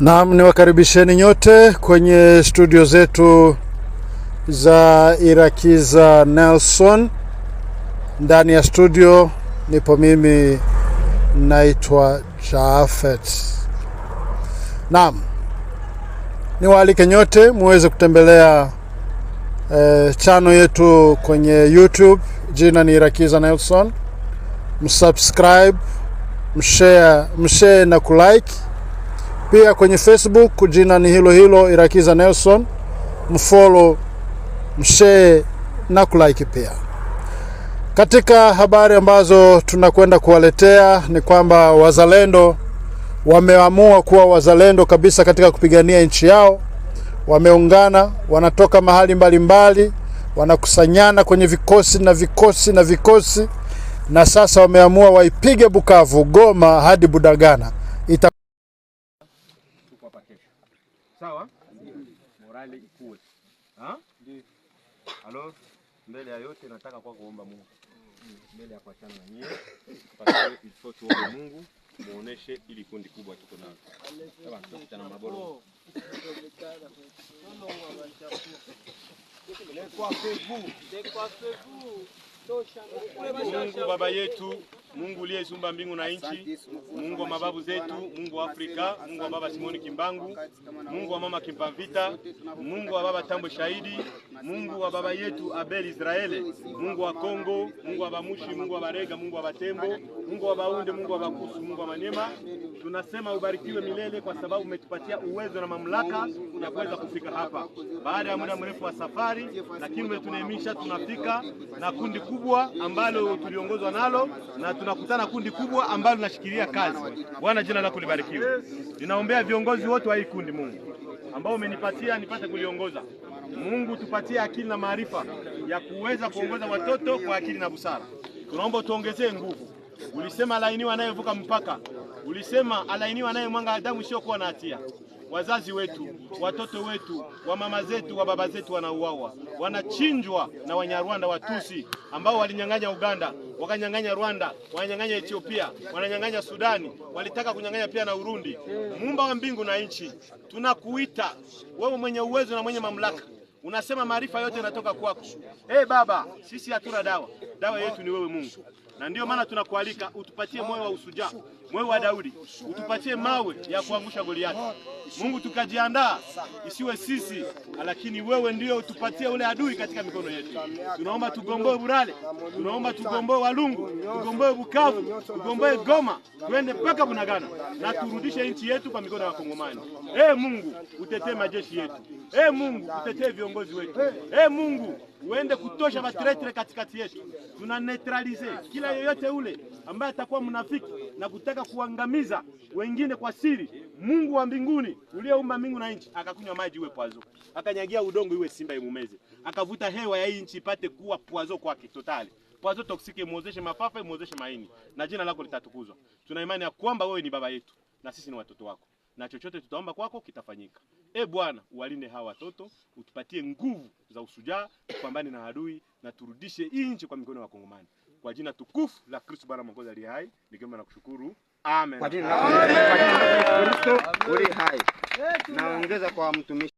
Naam, niwakaribisheni nyote kwenye studio zetu za Irakiza Nelson. Ndani ya studio nipo mimi, naitwa Jafet. Naam, niwaalike nyote muweze kutembelea e, eh, chano yetu kwenye YouTube, jina ni Irakiza Nelson. Msubscribe, mshare, mshare na kulike pia kwenye Facebook jina ni hilo hilo Irakiza Nelson, mfollow, mshare na kulike pia. Katika habari ambazo tunakwenda kuwaletea ni kwamba wazalendo wameamua kuwa wazalendo kabisa katika kupigania nchi yao. Wameungana, wanatoka mahali mbalimbali mbali, wanakusanyana kwenye vikosi na vikosi na vikosi, na sasa wameamua waipige Bukavu, Goma hadi Budagana Ita sawa, morali ikuwe ndio. Halo, mbele ya yote nataka kwa kuomba Mungu mbele ya kuachana na nyie ilifo tuombe Mungu muoneshe ili kundi kubwa tuko nalo. Sawa, tutakutana Mungu baba yetu Mungu uliyeumba mbingu na nchi, Mungu wa mababu zetu, Mungu wa Afrika, Mungu wa baba Simoni Kimbangu, Mungu wa mama Kimpavita, Mungu wa baba Tambo Shahidi, Mungu wa baba yetu Abel Israeli, Mungu wa Kongo, Mungu wa Bamushi, Mungu wa Barega, Mungu wa Batembo, Mungu wa Baunde, Mungu wa Bakusu, Mungu wa Manyema, tunasema ubarikiwe milele kwa sababu umetupatia uwezo na mamlaka ya kuweza kufika hapa baada ya muda mrefu wa safari, lakini umetuneemisha tunafika na kundi kubwa ambalo tuliongozwa nalo na tunakutana kundi kubwa ambalo linashikilia kazi. Bwana, jina lako libarikiwe. Ninaombea viongozi wote wa hii kundi, Mungu ambao umenipatia nipate kuliongoza. Mungu tupatie akili na maarifa ya kuweza kuongoza watoto kwa akili na busara. Tunaomba tuongezee nguvu. Ulisema alainiwa anayevuka mpaka, ulisema alainiwa anayemwaga damu isiyokuwa na hatia. Wazazi wetu, watoto wetu, wa mama zetu, wa baba zetu wanauawa, wanachinjwa na Wanyarwanda Watusi ambao walinyang'anya Uganda wakanyang'anya Rwanda, wananyang'anya Ethiopia, wananyang'anya Sudani, walitaka kunyang'anya pia na Urundi. Muumba wa mbingu na nchi, tunakuita wewe mwenye uwezo na mwenye mamlaka Unasema maarifa yote yanatoka kwako. Hey Baba, sisi hatuna dawa, dawa yetu ni wewe Mungu, na ndiyo maana tunakualika utupatie moyo wa usujaa moyo wa Daudi, utupatie mawe ya kuangusha Goliati. Mungu, tukajiandaa isiwe sisi, lakini wewe ndiyo utupatie ule adui katika mikono yetu. Tunaomba tugomboe Burale, tunaomba tugomboe Walungu, tugomboe Bukavu, tugomboe Goma, twende mpaka Bunagana na turudishe nchi yetu kwa mikono ya Wakongomani. Ee Mungu, utetee majeshi yetu. Ee Mungu, utetee viongozi wetu. Ee Mungu, uende kutosha matretre katikati yetu. Tuna neutralize kila yoyote ule ambaye atakuwa mnafiki na kutaka kuangamiza wengine kwa siri, Mungu wa mbinguni uliyeumba mbingu na nchi akakunywa maji iwe pwazo, akanyagia udongo iwe simba imumeze, akavuta hewa ya hii nchi ipate kuwa pwazo kwake totali pwazo toksiki, imwozeshe mafafa, imwozeshe maini, na jina lako litatukuzwa. Tuna imani ya kwamba wewe ni baba yetu na sisi ni watoto wako, na chochote tutaomba kwako kitafanyika. E Bwana, uwalinde hawa watoto, utupatie nguvu za usujaa tupambane na adui na turudishe hii nchi kwa mikono ya Wakongomani kwa jina tukufu la Kristo Bwana Mwokozi aliye hai, nikiomba na kushukuru amen. Kwa jina la Kristo uli hai, naongeza kwa mtumishi